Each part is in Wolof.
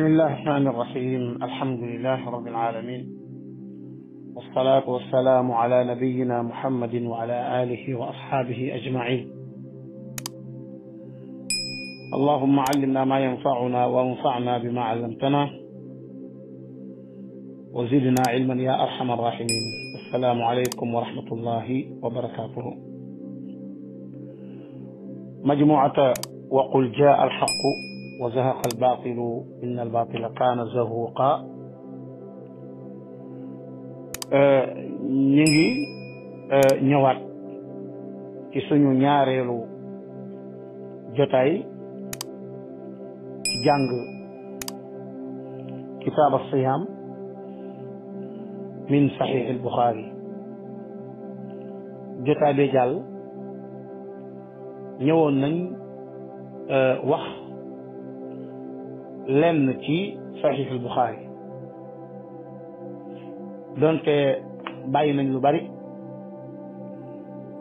بسم الله الرحمن الرحيم الحمد لله رب العالمين والصلاة والسلام على نبينا محمد وعلى آله وأصحابه أجمعين اللهم علمنا ما ينفعنا وانفعنا بما علمتنا وزدنا علما يا أرحم الراحمين السلام عليكم ورحمة الله وبركاته مجموعة وقل جاء الحق وزهق الباطل إن الباطل كان زهوقا آه، نيجي آه، نيوات كي سنو نياريلو جتاي جانغ كتاب الصيام من صحيح البخاري جتاي بجال نيوون نن آه، واخ lenn ci saxiix al Buxaari donte bàyyi nañ lu bari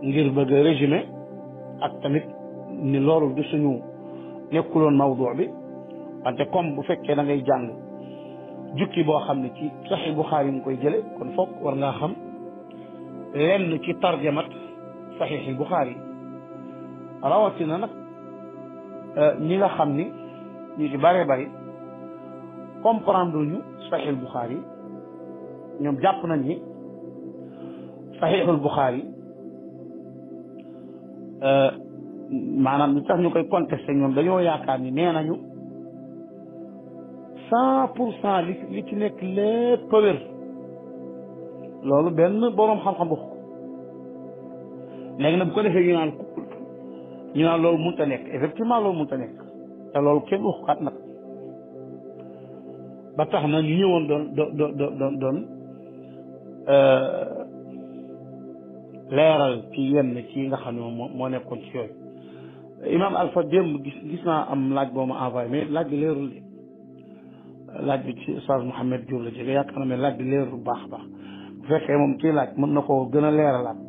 ngir bëgg a résumé ak tamit ni loolu du suñu nekkuloon mawduu bi wante comme bu fekkee da ngay jàng jukki boo xam ne ci saxiix Buxaari nga koy jële kon foog war ngaa xam lenn ci tarjamat saxiix al Buxaari rawatina nag ñi nga xam ni ñu ci bare bari comprendre ñu sahih bukhari ñom jàpp nañ ni sahih bukhari euh manam ñu tax ñu contester ñom dañu yaakaar ni nenañu 100% li ci nek le a lolu ben borom xam-xam bu ko léegi bu ko defé ñu naan ñu naan lolu mu ta nek effectivement lolu mu ta nek te lolu kenn waxu kat nag. ba tax na ñu ñëwoon doon doon doon doon doon leeral ci yenn ci nga xam ne moom moo nekkoon ci yooyu Imaam Alpha démb gis gis naa am laaj boo ma envoyé mais laaj bi leerul de laaj bi ci Oustaz Mouhamed Diop la jóge yaakaar naa ne laaj bi leerul bu baax a baax bu fekkee moom kii laaj mën na koo gën a leeralaat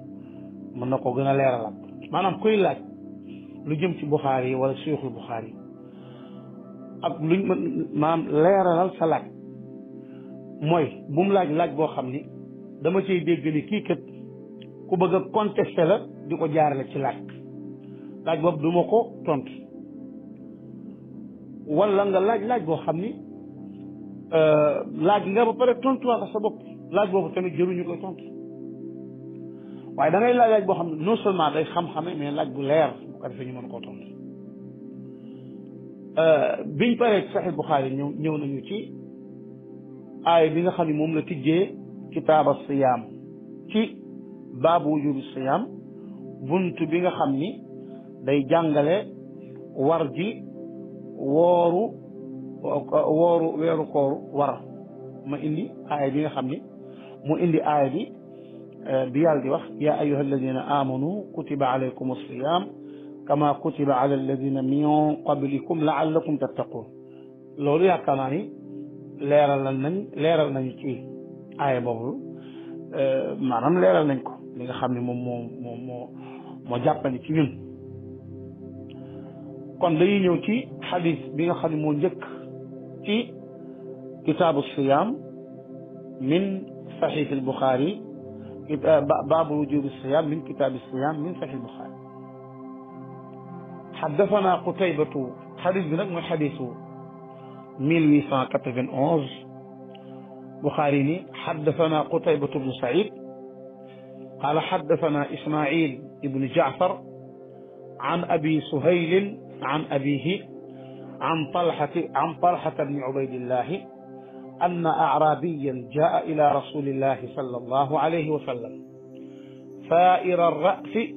mën na koo gën a leeralaat maanaam kuy laaj lu jëm ci Buxaari yi wala Suyuxul Buxaari yi ak luñ mën maanaam leeralal sa laaj mooy bu mu laaj laaj boo xam ni dama cay dégg ni kii kat ku bëgg a contesté la di ko jaarale ci laaj laaj boobu duma ma ko tontu wala nga laaj laaj boo xam ni euh, laaj nga ba pare tontuwaat sa bopp laaj boobu tamit jëruñu koy tontu waaye da ngay laaj laaj boo xam ne non seulement day xam-xame mais laaj bu leer bu ko defee ñu mën koo tontu. Euh, biñ paree saxi Buxaari ñëw ñëw nañu ci aay bi nga xam ne moom la tijjee kitaaba siyaam ci baabu wujubi siyaam bunt bi nga xam ni day jàngale war ji wooru weeru kooru war ma indi aaya bi nga xam ni mu indi aaya bi euh, bi yàlla di wax yaa ayuha alladina amanu kutiba alaykum alsiyam كما كتب على الذين من قبلكم لعلكم تتقون لولا كاناني ليرال نان ليرال نان تي اي بابو أه، مانام ليرال نانكو ليغا خامي موم موم موم مو جاباني تي نون كون داي نيو تي حديث بيغا خامي مو نجك تي كتاب الصيام من صحيح البخاري باب وجوب الصيام من كتاب الصيام من صحيح البخاري حدثنا قتيبة حديث بن أم حديث 1891 بخاري حدثنا قتيبة بن سعيد قال حدثنا إسماعيل بن جعفر عن أبي سهيل عن أبيه عن طلحة عن طلحة بن عبيد الله أن أعرابيا جاء إلى رسول الله صلى الله عليه وسلم فائر الرأس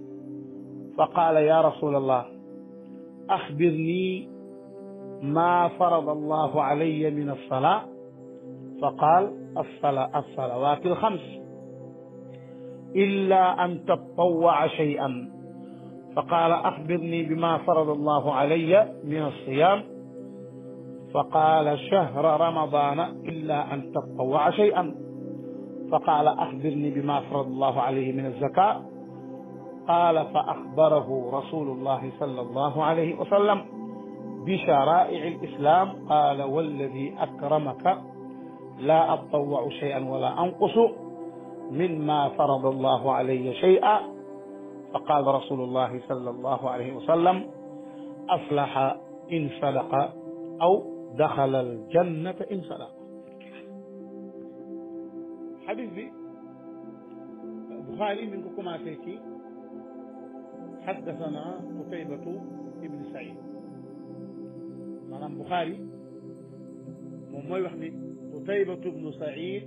فقال يا رسول الله أخبرني ما فرض الله علي من الصلاة فقال الصلاة الصلوات الخمس إلا أن تطوع شيئا فقال أخبرني بما فرض الله علي من الصيام فقال شهر رمضان إلا أن تطوع شيئا فقال أخبرني بما فرض الله عليه من الزكاة قال فأخبره رسول الله صلى الله عليه وسلم بشرائع الإسلام قال والذي أكرمك لا أتطوع شيئا ولا أنقص مما فرض الله علي شيئا فقال رسول الله صلى الله عليه وسلم أفلح إن صدق أو دخل الجنة إن صدق حديث بخاري من كما ngi xaddasana Qutaybatu ibn Saïd maanaam Buxaari moom mooy wax ni Qutaybatu ibnu Saïd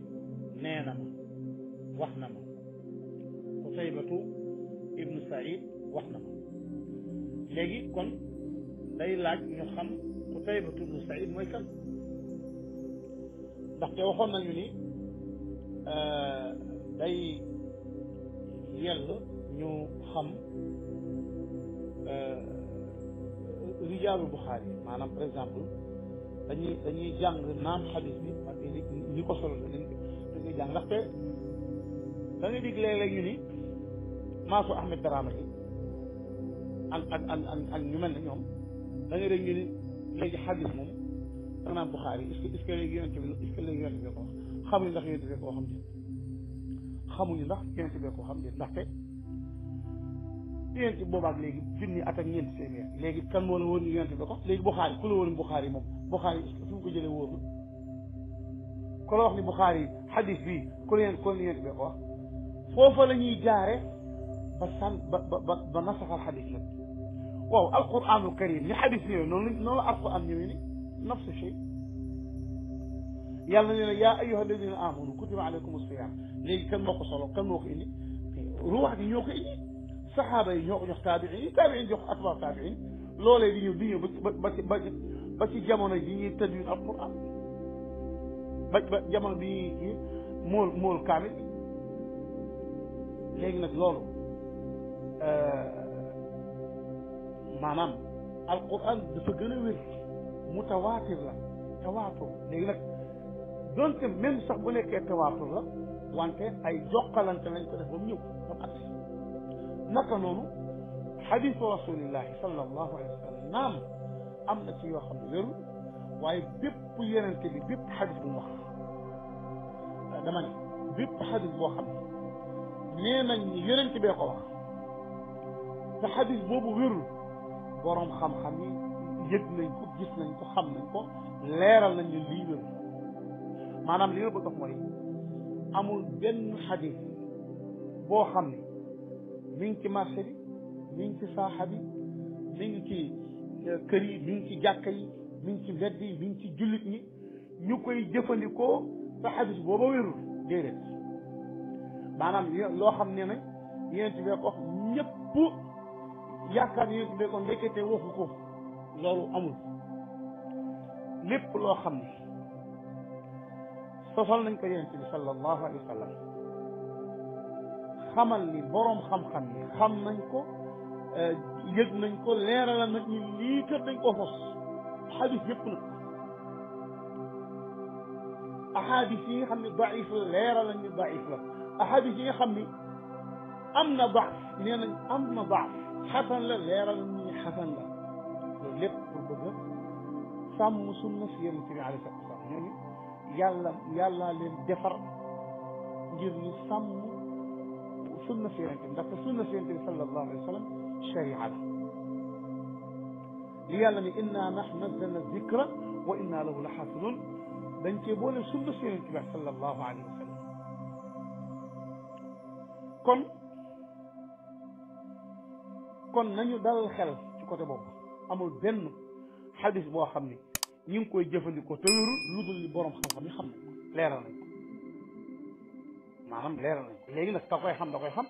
nee na wax na ma Qutaybatu ibnu wax na ma léegi kon day laaj ñu xam Qutaybatu ibnu Saïd mooy kan ndaxte waxoon nañu ni day yell ñu xam rijaalu Buxaari maanaam par exemple dañuy dañuy jàng naam xadis bi parce ko solo dañ dañuy jàng ndaxte da ngay dig léeg-léeg ñu ni maasu Ahmed Daramati ak ak ñu mel ne ñoom da ngay ñu ni léegi xadis moom da naan Buxaari est-ce que est-ce que ko xamuñu ndax yonent bi ko xam déet xamuñu ndax yonent bi ko xam déet ndaxte. yonent boobaak léegi junni at ak ñeenti téeméer léegi kan moo la woon ni yonent bi ko léegi Buxaari ku la woon Buxaari moom Buxaari fu mu ko jëlee wóorul ku la wax ni Buxaari xadis bi ku la yonent ku la yonent bi ko wax foofa la ñuy jaare ba sàn ba ba ba nasaxal xadis la waaw alquranul karim ni xadis ñëwee noonu la noonu la alquran ñëwee ni nafsu shay yàlla nee na yaa ayyuha alladina amanu kutiba alaykum asiyam léegi kan moo ko solo kan moo ko indi ruwax gi ñoo ko indi صحابة يوخ تابعين تابعين يوخ أكبر تابعين لولا دينيو دينيو بس بس بس بس بس جمعنا دي تدوين القرآن بس بس جمعنا دي مول مول كامل لين نك لولو آه ما نام القرآن دفقنا ويل متواتر لا تواتر لين نك دونت ميم صاحبو نيكي تواتر لا وانتي اي جوقالانتي لانتي لانتي لانتي نقلوا حديث رسول الله صلى الله عليه وسلم نعم أم نتي وخم ذر واي بيب يرنتي لي بيب حديث موخ دماني بيب حديث موخم نينا يرنتي بيقوا وخم حديث بوبو ويرو بورم خم خمي يد نينكو جس نينكو خم نينكو ليرا لن يليل مانام ليرا بطف موري أمو بن حديث بو خمي mi ngi ci marché bi mi ngi ci saaxa bi mi ngi ci euh, kër yi mi ngi ci jàkka yi mi ngi ci mbedd yi mi ngi ci jullit ñi ñu koy jëfandikoo te xadis booba wérul déedéet maanaam loo xam ne nag yonent bi ko wax ñëpp yaakaar yonent bi ko ndekkete waxu ko loolu amul lépp loo xam ne sosal nañ ko yonent bi sallallahu alayhi wa sallam xamal ni borom xam-xam ni xam nañ ko yëg nañ ko leeral nag ñi lii kat dañ ko fos xadis yëpp na ahadis yi nga xam ne daif la leeral ni daif la ahadis yi nga xam ni am na daaf nee nañ am na daaf xasan la leeral ni ñu xasan la loolu lépp pour bëgg sàmm na si yonente bi alayhi salatu ñooñu yàlla yàlla leen defar ngir ñu sàmm مقصود مسيرتهم ده قصود مسيرة النبي صلى الله عليه وسلم شريعته ليعلم إنا نحن نزلنا الذكر وإنا له لحافظون ده انت بقول سد مسيرة النبي صلى الله عليه وسلم kon kon nañu dalal xel ci côté boobu amul benn xadis boo xam ni ñu ngi koy jëfandikoo te wérul li borom xam-xam yi xam na nañ maanaam leeral nañ ko léegi nag ka koy xam da koy xam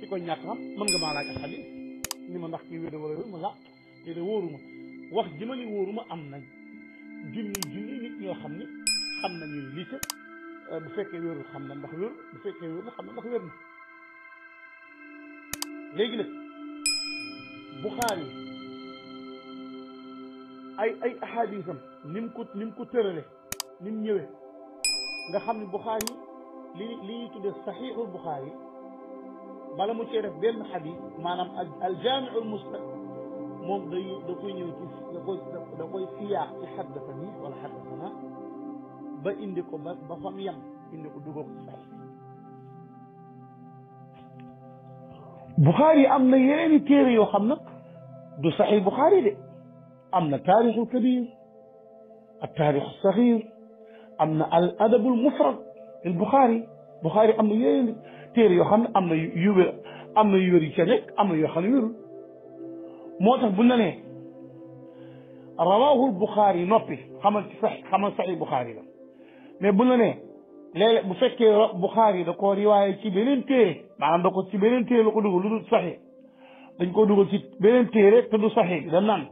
ki koy ñàkk xam mën nga maa laaj ak xalil ni ma ndax kii wér a wér ma la te de wax ji ma ni wóoruma am nañ junni junni nit ñoo xam ni xam nañu lii ca euh, bu fekkee wérul xam na ndax wér bu fekkee wér xam na ndax wér na léegi nag Buxaari ay ay ahadisam ni mu ko ni mu ko tërale ñëwee nga xam ni Buxaari li li ñuy tudde saxiixul buxaari bala mu cee def benn xadis maanaam ak aljaamiul musnad moom day da koy ñëw ci da koy da koy siyaax ci xaddasani wala xaddasana ba indi ko ba ba fam yem indi ko dugal ko saxiix buxaari am na yeneeni téere yoo xam nag du saxiix buxaari de am na taarixul kabir ak taarixu saxiir am na al adabul mufrad البخاري البخاري أم يين تير يخن أم يو أم يوري شنك أم يخن يور موت بندنا رواه البخاري نبي خمس صحيح خمس صحيح البخاري لا بندنا لا لا بفك بخاري لو كوري واي تبين ما عندك تبين تير لو كده لو صحيح دنج كده لو تبين تير تدو صحيح لأن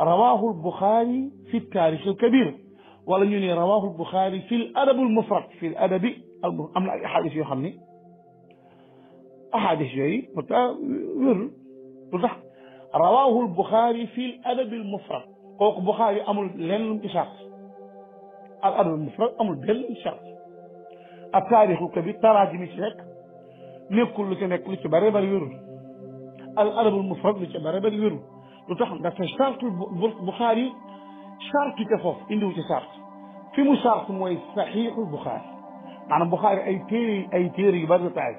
رواه البخاري في التاريخ الكبير ولا نيوني رواه البخاري في الادب المفرد في الادب ام لا احاديث يخمني احد جاي متى ور رواه البخاري في الادب المفرد قوق بخاري ام لن اشاق الادب المفرد ام بل اشاق التاريخ الكبير تراجم شيخ نيكول لو تنيك لو تبري بري ور الادب المفرد لو تبري بري ور لو تخم دا فشتال البخاري charte ca foofu indiwu ci charte fi mu charte mooy saxiixul buxaari maanaam buxaari ay téere ay téere yu bari taay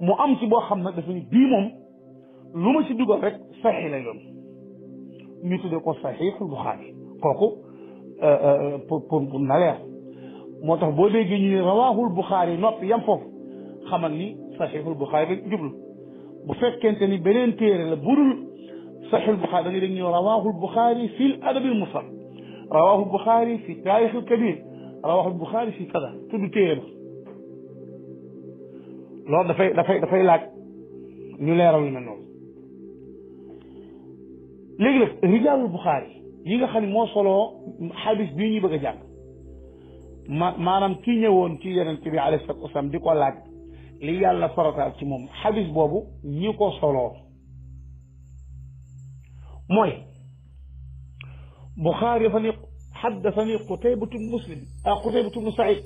mu am ci boo xam ne dafa ni bii moom lu ma ci dugal rek saxiix lay doon ñu tuddee ko saxiixul buxaari kooku pour pour na leer moo tax boo déggee ñu ne rawaahul buxaari noppi yam foofu xamal ni saxiixul buxaari rek jublu bu fekkente ni beneen téere la burul saxiixul buxaari da ngay dégg ñu rawaahul buxaari fil adabil mufrad رواه البخاري في التاريخ الكبير رواه البخاري في كذا كل كيما لا دفاي دفاي دفاي لاك ني ليرال من نون ليغل رجال البخاري ييغا خاني مو صولو حديث بي ني بغا جان ما نام كي نيوون تي يرنتي بي عليه الصلاه والسلام ديكو لاك لي يالا فروتال تي موم حديث بوبو نيكو صولو موي بخاري فني حدثني قتيبة بن مسلم آه قتيبة بن سعيد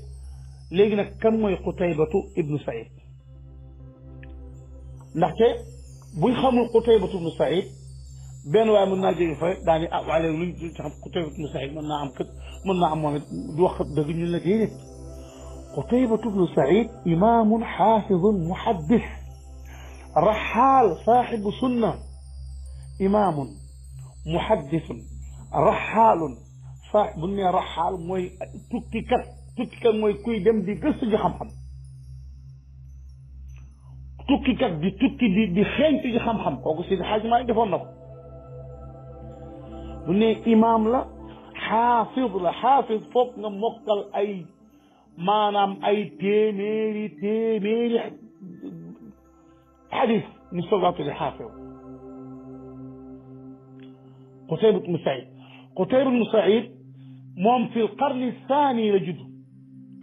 لكن كم قتيبة بن سعيد نحكي بوي خمو قتيبة بن سعيد بين وام الناجي فا داني اوالي ولي قتيبة بن سعيد من نعم كت من نعم وامد دوخت دغن لكي قتيبة بن سعيد إمام حافظ محدث رحال صاحب سنة إمام محدث رحال صاحب رحال موي توكي كات موي كوي ديم دي گست جي خام خام توكي كات دي توكي دي حاج ماي ديفون نكو بو امام لا حافظ لا حافظ فوق نو اي مانام اي تيميري تيميري حديث نستغرق في الحافظ قتيبة مسعيد قتيبة مسعيد موم في القرن الثاني لجد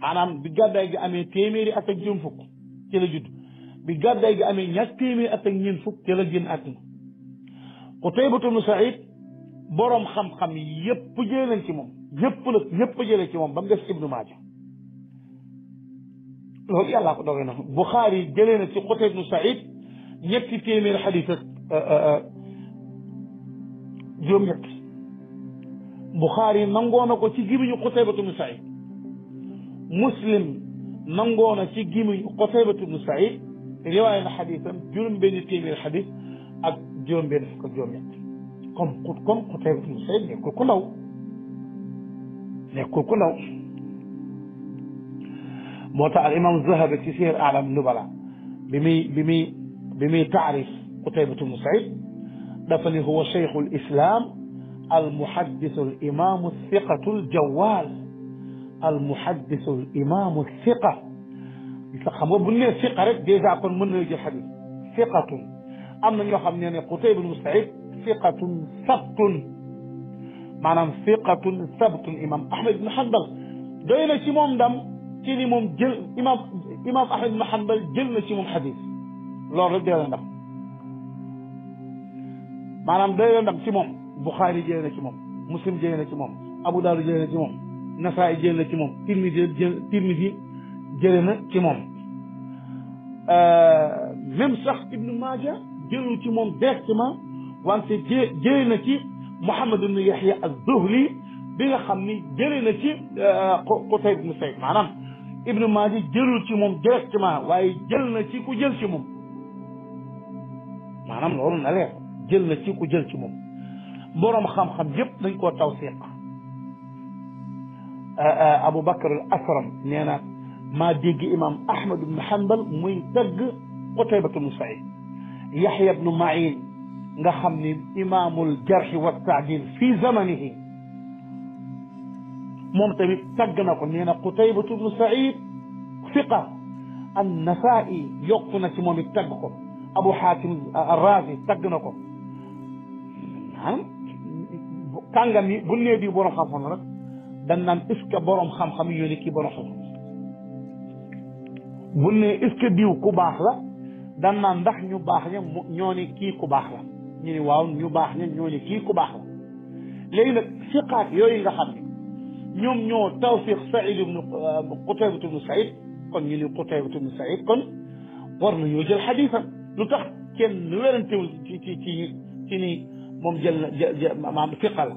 انا بجد اي امي تيميري اتك جون فوك تي بجد اي امي نياك تيمي اتك نين فوك اتنا قتيبة بن سعيد بروم خم خم ييب جي لن سي موم ييب لا ييب جي لن سي موم بام ديس ابن ماجه لو يالا كو دوغي نخ بخاري جيلي نا سي قتيبة بن سعيد نياك تيمير حديث ا آه، ا آه، آه، جوم نياك بخاري نانغونا كو تي جيمي نيو قتيبة مسعيد مسلم نانغونا تي جيمي نيو قتيبة مسعيد رواية الحديثة جرم بين تيمي الحديث أك جرم بين فكر جرم يأتي كم قد كم قتيبة مسعيد نيكو كلاو نيكو كلاو موتا الإمام الزهر تسير أعلم النبلة بمي بمي بمي تعرف قتيبة مسعيد دفني هو شيخ الإسلام المحدث الإمام الثقة الجوال المحدث الإمام الثقة يتخمو بني الثقة رك دي زعقون من رجل الحديث ثقة أما يخم يعني قطيب المستعيد ثقة ثبت معنى ثقة ثبت إمام أحمد بن حنبل دوينا شي موم دم تيني موم جل إمام إمام أحمد بن حنبل جلنا شي موم حديث لو رجل دم maanaam day la ndam ci Bukhari jëlee ci moom Muslim jëlee ci moom Abu Dawud jëlee na ci moom Nasaay jëlee na ci moom Tirmidi Tirmidi jëlee na ci moom même sax Ibnu Maaja jëlul ci moom directement wante jë jëlee na ci Muhammad ibnu Yahya az-Zuhli bi nga xam ni ci Qutayb ibnu Sayd maanaam Ibnu Maaja jëlul ci moom directement waaye jël ci ku jël ci moom maanaam loolu na leer jël ci ku jël ci moom برم خام خام جب دنكو توثيق أبو بكر الأسرم نينا ما ديجي إمام أحمد بن حنبل مي دق قتيبة المسعي يحيى بن معين نخمني إمام الجرح والتعديل في زمنه ممتبي تقنا قلنا قتيبة بن سعيد ثقة النسائي يقنا سمومي تقنا أبو حاتم الرازي تقنا نعم tàngam yi bu nee bii borom xam-xam rek dañ naan est ce que borom xam-xam yi ñoo ne kii borom xam-xam bu ne est ce que diw ku baax la dañ naan ndax ñu baax ña ñoo ne kii ku baax la ñu ne waaw ñu baax ña ñoo ne kii ku baax la léegi nag siqaat yooyu nga xam ne ñoom ñoo tawfiq Saïd ibn Qutaybatu ibn Saïd kon ñu ne Qutaybatu ibn Saïd kon war nañoo jël xadiisam lu tax kenn wérantewul ci ci ci ci ni مم جل مم ثقل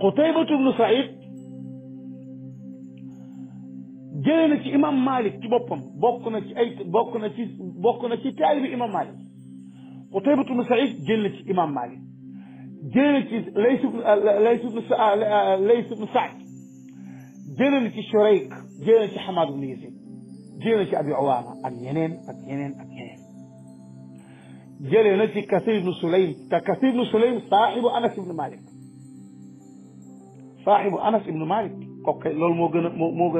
قتيبة بن سعيد جلنا في إمام مالك تبوبهم بوكنا في أي بوكنا في بوكنا في تعلم إمام مالك قتيبة بن سعيد جلنا في إمام مالك جلنا في ليس ليس بن ليس بن سعد جلنا في شريك جلنا في حماد بن يزيد جلنا في أبي عوانة أجنين أجنين أجنين جلنا في كثير بن سليم كثير بن سليم صاحب انس بن مالك صاحب انس بن مالك اوكي لول مو جنا مو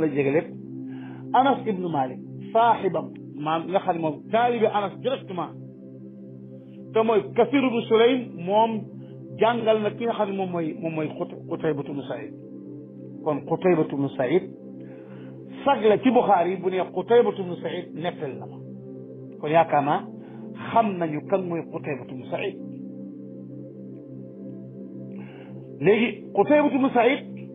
انس بن مالك صاحب ما نخل مو طالب انس جرفت ما تموي كثير بن سليم موم جانغال نا كي خاني موم موي موم موي قتيبه بن سعيد كون قتيبه بن سعيد سغلا تي بخاري بني قتيبه بن سعيد نفل لما كون يا كما خمن يكمل قتيبة بن سعيد ليه قتيبة بن سعيد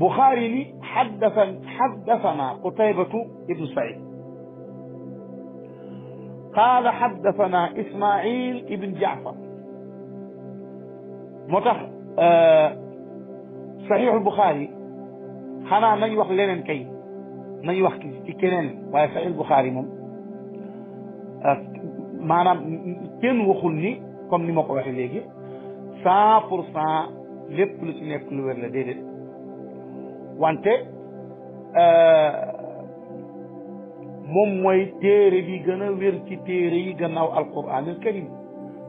بخاري حدث حدثنا قتيبة بن سعيد قال حدثنا إسماعيل بن جعفر متخ آه صحيح البخاري خنا من يوخ لنا كي من يوخ كي كنن ويسعي البخاري ممكن Euh, maanaam kenn waxul ni comme ni ma ko waxee léegi cent pour cent lépp lu ci nekk lu wér la déedéet wante euh, moom mooy téere bi gën a wér ci téere yi gannaaw alquranul karim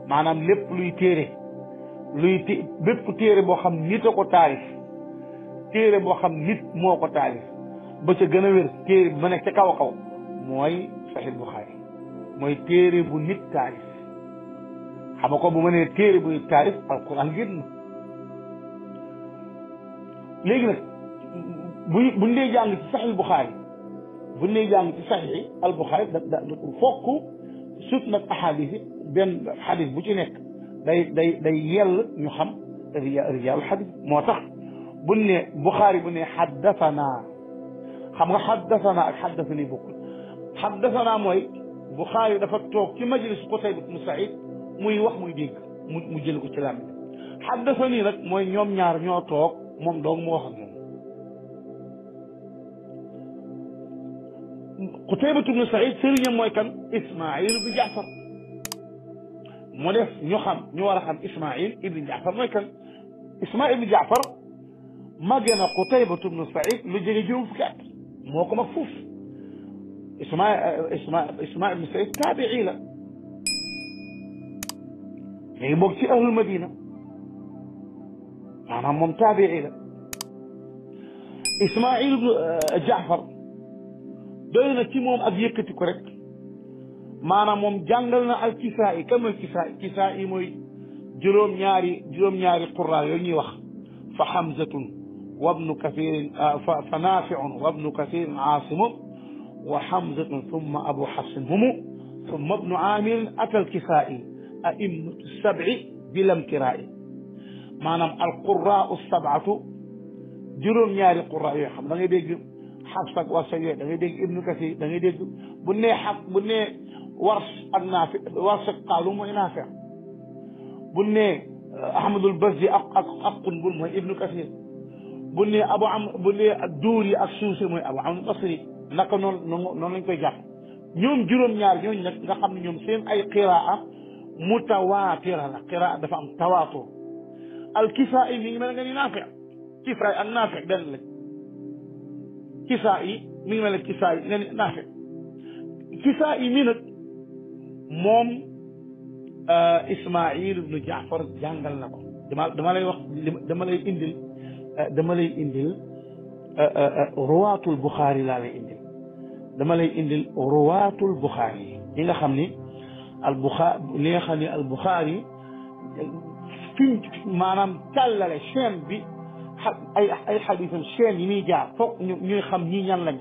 maanaam lépp luy téere luy té bépp téere boo xam nit a ko taarif téere boo xam nit moo ko taarif ba ca gën a wér téere ba nekk ca kaw a kaw mooy saxiil buxaari mooy téere bu nit taarif xam nga ko bu ma nee téere bu nit taarif alquran génn léegi nag bu buñ dee jàng ci saxi buxaari buñ dee jàng ci saxi al buxaari da da fokk sut nag ahadis yi benn xadis bu ci nekk day day day yell ñu xam rijaal xadis moo tax buñ ne buxaari bu ne xaddasanaa xam nga xaddasanaa ak xaddasani bokkul xaddasanaa mooy بخاري دا فتوك في مجلس قتيبة مسعيد موي وخ موي ديك مو جيل كو سلام حدثني رك موي نيوم ñaar ño tok mom dog mo wax mom قتيبة بن سعيد سيرني موي كان اسماعيل بن جعفر مو ديف ñu xam ñu wara xam اسماعيل ابن جعفر موي كان اسماعيل بن جعفر ما جنا قتيبة بن سعيد لجيجي جوف كات موكو مفوف فوف إسماعيل إسماعيل بن سعيد تابعي له في يعني وقت أهل المدينة أنا نعم، هم تابعي له إسماعيل آه، جعفر دوينا كيموم أبيك تكرك ما أنا مم جانغلنا الكسائي كم الكسائي كسائي موي جروم ياري جروم ياري قراء ينيوخ فحمزة وابن كثير آه، فنافع وابن كثير عاصم وحمزة ثم أبو حسن هم ثم ابن عامر أتى الكسائي أئمة السبع بلا امتراء ما نم القراء السبعة جرون يا القراء يحمد دعني ديك حفصك وسيد ابن كثير دعني ديك بني حق بني ورس النافع ورس قالوم ونافع بني أحمد البزي أق ابن كثير بني أبو عم بني الدوري السوسي أبو عم البصري naka noonu noonu lañ koy jàpp ñoom juróom-ñaar ñooñu nag nga xam ne ñoom seen ay qiraa mutawaatira la qiraa dafa am tawaatur al kisaa yi mi ngi mel ne nga ni naafi kisaa yi ak naafi benn moom euh, Ismaayil ibnu Jaafar jàngal na ko dama dama lay wax dama lay indil euh, dama lay indil رواه البخاري لا لي اندل دما لي اندل رواه البخاري ليغا خامني البخاري ليغا خامني البخاري فين مانام تالال شيم بي اي اي حديث شيم ني جا فوق ني خام ني نان لا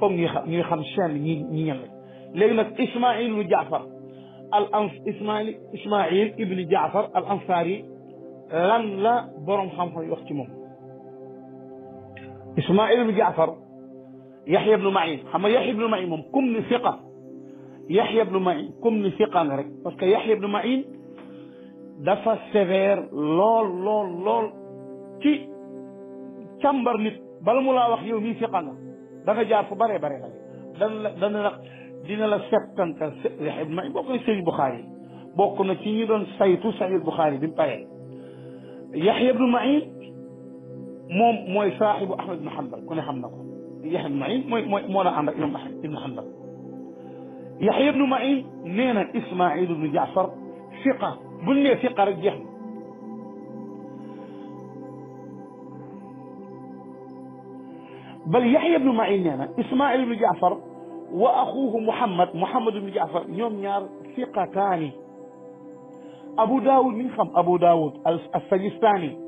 فوق ني خام ني خام شيم ني ني نان لي نك اسماعيل بن جعفر الانف اسماعيل اسماعيل ابن جعفر الانصاري لان لا بروم خام خام يوخ سي إسماعيل بن جعفر يحيى بن معين اما يحيى بن معين مم كم ثقة يحيى بن معين كم ثقة غري بس يحيى بن معين دفا سفير لول لول لول تي تشامبر نت بل واخ وخي ومي ثقة دفع جعفر بري بري غري دن دن لك دين الله سبتن يحيى بن معين بوكو سيد بخاري بوكو نتيني دون سيد بخاري بن بايل يحيى بن معين موم موي صاحب احمد بن حنبل كوني خمنا يحيى بن معين موي موي مولا عند امام احمد بن حنبل يحيى بن معين نينا اسماعيل بن جعفر ثقه بن ثقه رك بل يحيى بن معين نينا اسماعيل بن جعفر واخوه محمد محمد بن جعفر نيوم نيار ثقه ثاني ابو داود من خم ابو داود السجستاني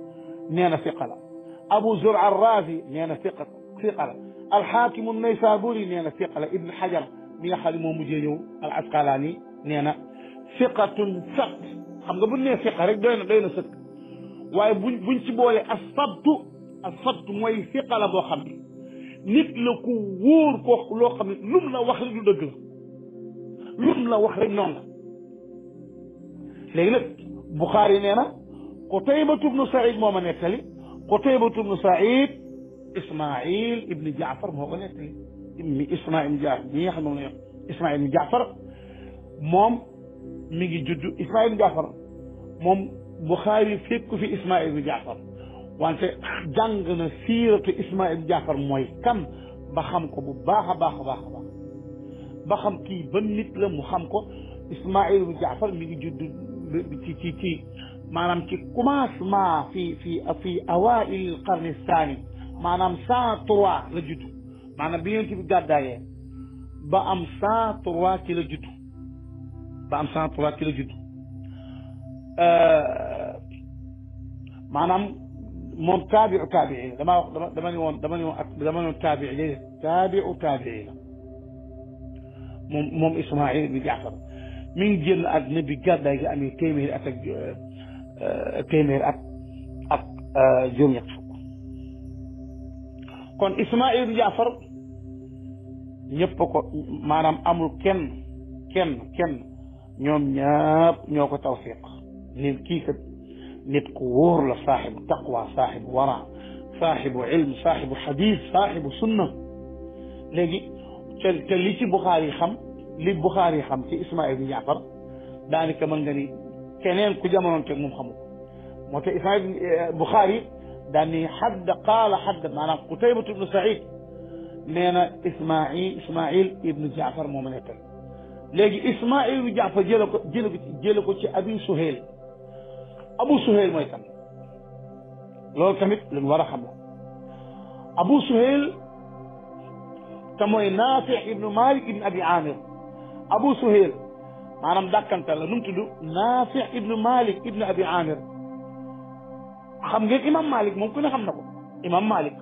نينا ثقه أبو زرع الرازي ثقة ثقة الحاكم النيسابوري نيانا ثقلة ابن حجر نيانا خالي مجيو العسقلاني نيانا ثقة ثق خم قبل نيانا ثقة رك بين دين ثق واي بنتي بولي الصبت الصبت موي ثقلة بو خمي نيت لكو وور كو لو خمي لوم لا واخ لي دوغ لوم لا واخ رك نون لا بخاري نيانا قتيبة بن سعيد مومن يتلي قتيبة بن سعيد إسماعيل ابن جعفر مو إمي إسماعيل جعفر إسماعيل جعفر موم ميجي جوجو إسماعيل جعفر موم بخاري فيكو في إسماعيل جعفر وانت جانغنا سيرة إسماعيل جعفر موي كم بخم كو بو باخا باخا باخا باخا بخم كي بن نيت لا مو خم كو إسماعيل جعفر ميجي جوجو تي تي تي maanaam ci commencement fi fi fi awail qarne saani maanaam cent trois la judd maanaam bi yonent bi gàddaayee ba am cent trois ci la judd ba am cent trois ci la judd maanaam moom taabiu taabii la damaa wax dama dama ne woon dama ne woon ak dama ne woon taabii déedéet taabiu taabii la moom moom Ismaayil bi Jaafar mi ngi génn àddina bi gàddaay gi amee téeméeri at ak téeméer ak ak juróom-ñett fukk kon Ismaayil Jaafar ñëpp ko maanaam amul kenn kenn kenn ñoom ñëpp ñoo ko tawfiq ni kii kat nit ku wóor la saaxibu taqwa saaxibu wara saaxibu ilm saaxibu xadis saaxibu sunna léegi te te li ci Buxaari xam li Buxaari xam ci Ismaayil Jaafar daanaka mën nga ni كنين كجمرون كنون خمو موتى إسماعيل آه، بخاري داني حد قال حد معنا قتيبة بن سعيد نينا إسماعيل إسماعيل ابن جعفر مؤمنات لجي إسماعيل وجعفر جلوك جلوك جلوك جلو أبي سهيل أبو سهيل مايتم لو تمت لنورا خمو أبو سهيل تموي نافع ابن مالك ابن أبي عامر أبو سهيل maanaam dàkkantal la nu mu tudd naafi ibnu malik ibnu abi amir xam ngeen imam malik moom ku ne xam na ko imam malik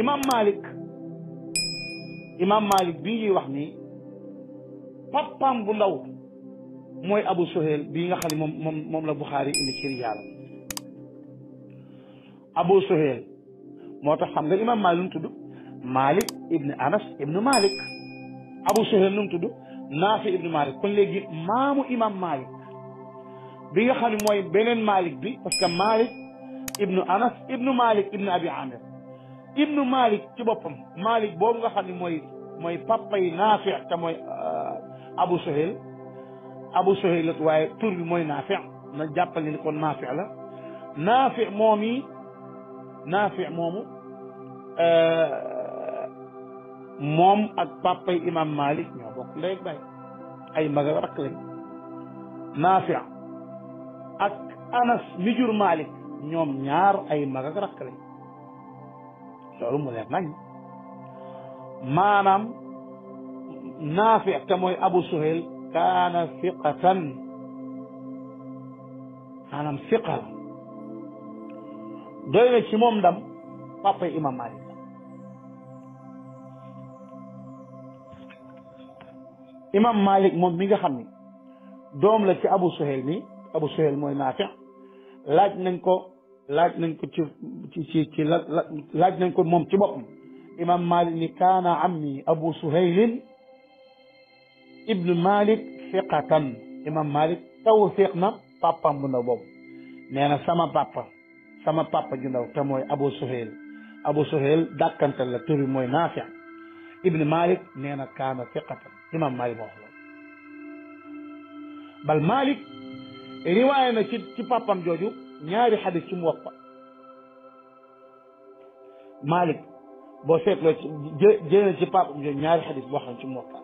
imam malik imam malik bii ñuy wax nii papaam bu ndaw mooy abu sohel bii nga xam ne moom moom moom la buxaari indi ci rijaal abu sohel moo tax xam nga imam malik nu mu tudd malik ibnu anas ibnu malik abu sohel nu mu tudd naafi ibnu malik kon léegi maamu imam malik bi nga xam ne mooy beneen malik bi parce que malik ibnu anas ibnu malik ibnu abi amir ibnu malik ci boppam malik boobu nga xam ne mooy mooy papa yi naafi te mooy abu sohel abu sohel waaye tur bi mooy naafi na jàppal ni kon naafi la naafi moom yi naafi moomu moom ak papay imam malik ñoo bokk ndey ak baay ay mag ak rakk lañ naafi' ak anas mi jur malik ñoom ñaar ay mag ak rakk lañ loolu mu leer nañ maanaam naafi' te mooy abu suhayl kaana siqatan maanaam siqa la doy na ci moom ndam papay imam malik imam malik mom mi nga xamni dom la ci abu suhel mi abu suhel moy nafi laaj nañ ko laaj nañ ko ci ci ci laaj nañ ko mom ci boppam imam malik ni kaana ammi abu suheylin ibn malik fiqatan imam malik tawfiq na papa mu na bob neena sama papa sama papa ju ndaw te mooy abu suhel abu suhel dakantal la turu moy nafi ibn malik neena kana kaana fiqatan imam Malik moo wax bal Malik riwaayé na ci ci papam jooju ñaari xadis ci mu wappa Malik boo seetloo ci jëlee na ci papam jooju ñaari xadis boo xam ci mu wappa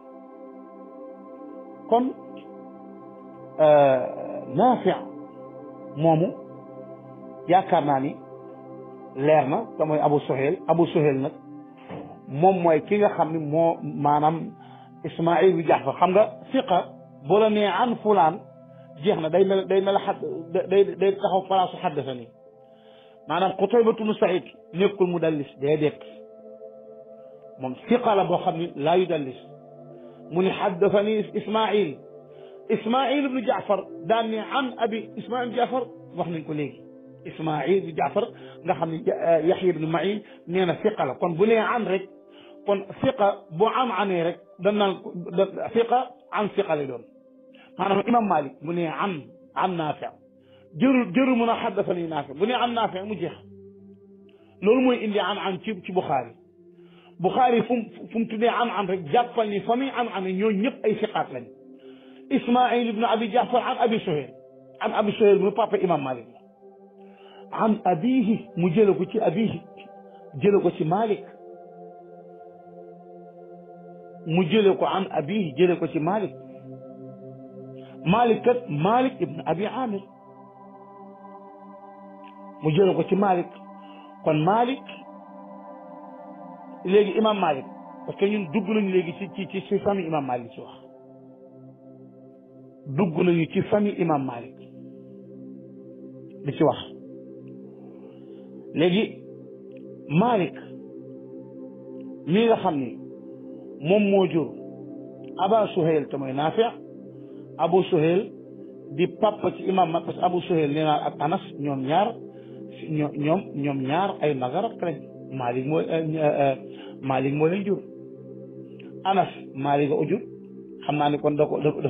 kon euh, Naafi moomu yaakaar naa ni leer na te mooy Abu Suhayl Abu Suhayl nag moom mooy ki nga xam ni moo maanaam اسماعيل بن جعفر خمغا ثقة بولني عن فلان جهنا دايما دايما لحد داي داي تخوف فلان حدثني معنا قطيبة بن سعيد نيكو المدلس ديديك من ثقة لبو لا يدلس من حدثني اسماعيل اسماعيل بن جعفر داني عن ابي اسماعيل بن جعفر وحنا نقول اسماعيل بن جعفر نحن يحيى بن معين نينا ثقة لكم بني عن رجل kon fiqa bu am ané rek dañ nan fiqa an fiqa lay doon manam imam malik mu ne an an nafi jëru jëru mun a xaddasani nafi bu ne an nafi mu jeex loolu moy indi an an ci ci bukhari bukhari fum fum tudé mu tuddee an an rek jàppal ni fami muy an ñoo ñëpp ay siqaat lañ ismaeil ibn abi jaafar an abi suhayl an abi suhayl mu papa imam malik an abihi mu jële ko ci abihi jële ko ci malik mu jële ko an abi jële ko ci malik malik kat malik ibn abi amir mu jële ko ci malik kon malik léegi imam malik parce que ñun dugg nañu léegi ci ci ci ci famille imam malik ci wax dugg nañu ci famille imam malik di ci wax léegi malik mi nga xamni mom moo jur aba suhail te mooy naafi' abu Suhail di papa ci imam parce abu Suhail nee naa ak anas ñoom ñaar ñoom ñoom ñaar ay magarab lañ Malik euh, euh, euh, moo malik leen jur anas Malik a jur xam naa ne kon da ko da ko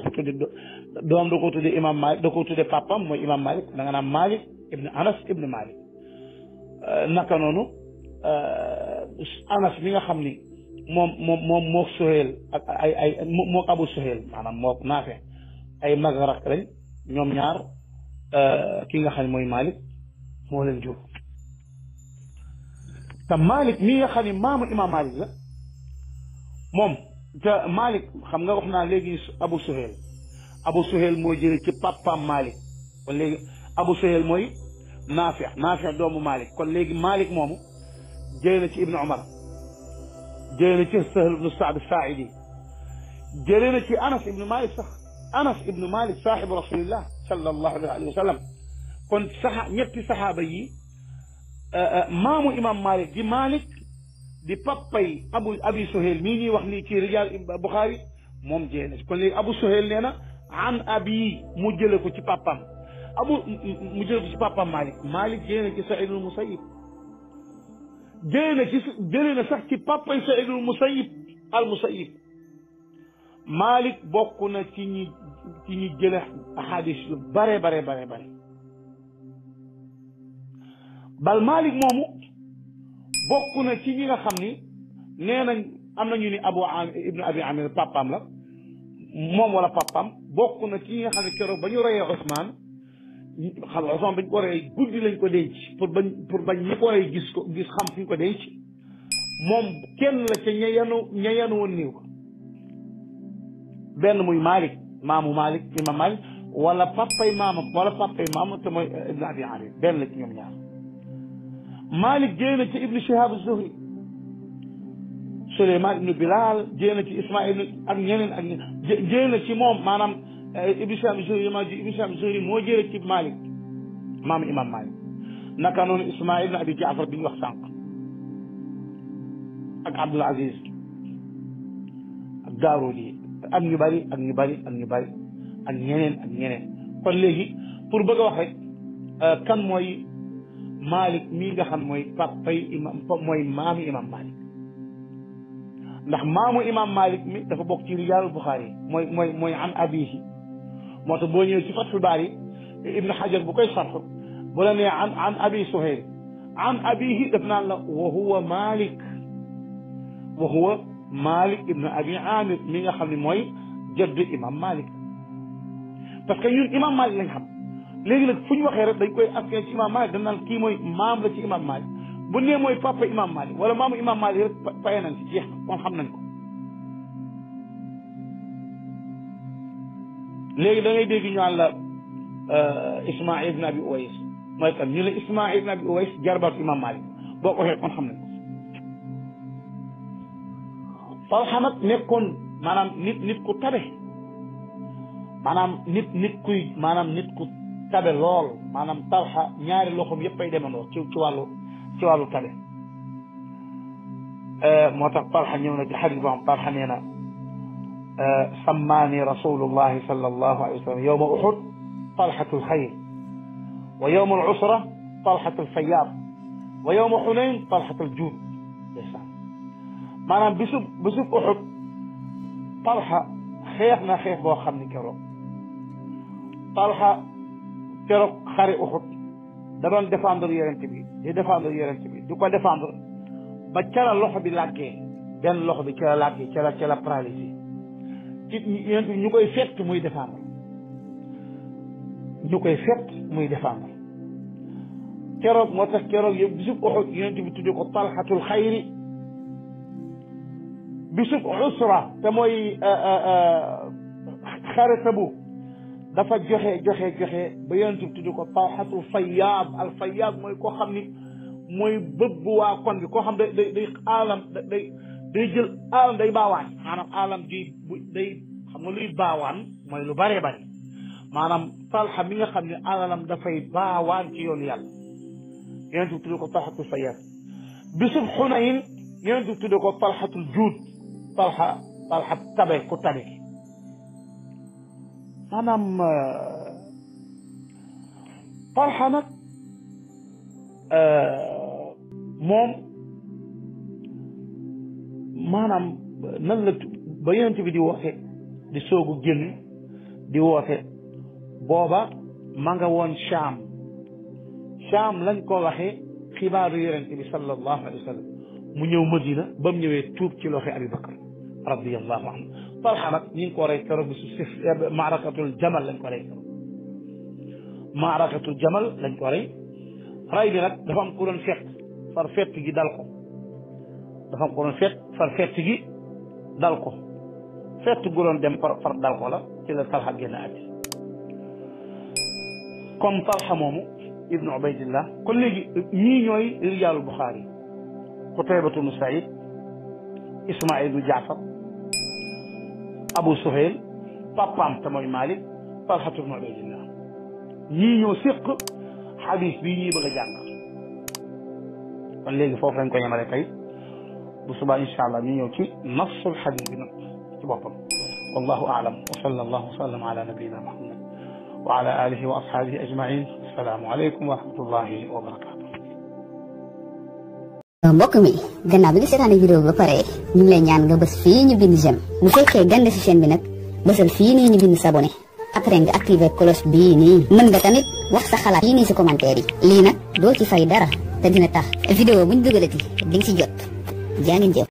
doom da imam malik da ko Papa, papam mooy imam malik da nga naan malik ibn anas ibn malik naka noonu anas mi nga xam moom moom moom mook soxeel ak ay ay mook abu soxeel maanaam mook naafe ay mag rak lañ ñoom ñaar ki nga xam ne mooy Malik moo leen jur te Malik mi nga xam ne maamu imam Malik la moom te Malik xam nga wax naa léegi abu soxeel abu soxeel moo jële ci papaam Malik kon léegi abu soxeel mooy naafe naafe doomu Malik kon léegi Malik moomu jële na ci ibnu Umar جيلك سهل بن سعد الساعدي جيلك انس بن مالك صح. انس بن مالك صاحب رسول الله صلى الله عليه وسلم كنت صح نيتي صحابي آه، آه، مامو امام مالك دي مالك دي بابي ابو ابي سهيل ميني وخني كي رجال البخاري موم جينس كون ابو سهيل نينا عن ابي مجلكو سي بابام ابو مجلكو سي بابام مالك مالك جينا كي سعيد المسيب جينا جينا سحتي بابا يسعد المسيب المسيب مالك بوكونا تيني تيني جيلا احاديث باري باري باري باري بل مالك مومو بوكونا تيني لا خامني نانا امنا نيوني ابو عام ابن ابي عامر بابا ملا موم ولا بابا بوكونا تيني خامني كيرو بانيو ريا عثمان xam bañ ko waree guddi lañ ko denc pour bañ pour bañ ñi ko waree gis ko gis xam fuñ ko denc moom kenn la ca ña yanu ña yanu woon néew ko benn muy Malick maamu Malick imam Malick wala papay maama wala papay maama te mooy Ibn Abi Arif benn la ci ñoom ñaar Malick jëlee na ci Ibn Shihab Zuhri Souleymane ibnu Bilal jëlee na ci Ismaïl ak ñeneen ak ñeneen jëlee na ci moom maanaam ibnu shihab zuhri ma ibnu shihab zuhri moo jëlee ci malik maam imam malik naka noonu ismail ibn abi jaafar bi ñu wax sànq ak abdul aziz ak daaru ji ak ñu bari ak ñu bari ak ñu bari ak ñeneen ak ñeneen kon léegi pour bëgg a wax rek kan mooy malik mii nga xam mooy papay imam mooy maamu imam malik ndax maamu imam malik mi dafa bokk ci rijaalul buxaari mooy mooy mooy an abihi موتو بو نيو سي فتح الباري ابن حجر بوكاي صرح بولاني عن عن ابي سهيل عن ابيه دفنا وهو مالك وهو مالك ابن ابي عامر ميغا خامي موي جد امام مالك باسكو نيون امام مالك لاغ خام لغي لك فوني وخي رك دنجكاي اسكي سي امام مالك دنا كي موي مام لا سي امام مالك بو ني موي بابا امام مالك ولا مام امام مالك فاي نان سي جيخ كون خام léegi da ngay dégg ñu naan la Ismaa ibn Abi Uways mooy kan ñu ne Ismaa ibn Abi Uways jarbaatu Imam Malik boo ko waxee kon xam nañ Talha nag nekkoon maanaam nit nit ku tabe maanaam nit nit kuy maanaam nit ku tabe lool maanaam Talha ñaari loxoom yëpp ay demandoo ci ci wàllu ci wàllu tabe moo tax Talha ñëw na ci xarit boo xam Talha nee na آه، سماني رسول الله صلى الله عليه وسلم يوم احد طلحه الخير ويوم العسره طلحه الفيار ويوم حنين طلحه الجود مانام بسوب بسوب احد طلحه خيخنا خيخ بو خمني كرو طلحه كرو خري احد دابا ندفاندر يرنتي بي دي ديفاندر يرنتي بي دوكو ديفاندر با تيرا لوخ بي لاكي بن لوخ بي تيرا لاكي تيرا تيرا براليزي ci ñu koy fekk muy défendre ñu koy fekk muy défendre keroog moo tax keroog yow bisub uxut yonent bi tudde ko talxatul xayri bisub usra te mooy xare Tabuk dafa joxe joxe joxe ba yonent bi tudde ko talxatul fayaab al fayaab mooy koo xam ni mooy bëbb waa kon bi koo xam day day day aalam day day jël alalam day baawaan maanaam alalam ji day xam nga luy baawaan mooy lu bare bari maanaam talxa mi nga xam ne alalam dafay baawaan ci yoonu yàlla yonent bi tudde ko talxatul sayar bisub xunayin yonent bi tudde ko talxatul juud talxa talxa tabe ku tabe maanaam talxa nag moom maanaam nan la ba yonent bi di woote di soogu génn di woote booba ma nga woon Shaam Shaam lañ ko waxee xibaaru yonent bi sallallahu alayhi wa sallam mu ñëw Madina ba mu ñëwee tuub ci loxo Abi Bakar radiyallahu anhu Talha nag ñi ngi ko rey keroog bi su si eh, maarakatul jamal lañ ko rey keroog maarakatul jamal lañ ko rey rey bi nag dafa am ku doon fett far fett gi dal ko dafa am ko doon feet far fett gi dal ko fett gu doon dem far far dal ko la ci la talxa génn àddi comme talxa moomu ibnu ubaydillah kon léegi ñii ñooy rijaalu buxaari yi qutaybatu bnu saïd ismail bnu jaafar abu suhayl papaam te mooy malik talxatu bnu ubaydillah ñii ñoo séq xadis bii ñuy bëgg a jàng kon léegi foofu lañ ko ñemale tey بصوا بقى ان شاء الله مين وكي نص الحديث بطل والله اعلم وصلى الله وسلم على نبينا محمد وعلى اله واصحابه اجمعين السلام عليكم ورحمه الله وبركاته mbokk mi gannaaw bi nga seetaane vidéo bi ba pare ñu ngi lay ñaan nga bës fii ñu bind jëm bu fekkee gande si chaîne bi nag bësal fii nii ñu bind s'abonné après nga activé cloche bii nii mën nga tamit wax sa xalaat yii nii si commentaire yi lii nag doo ci fay dara te dina tax vidéo buñ dugalati di nga si jot Диамин дел.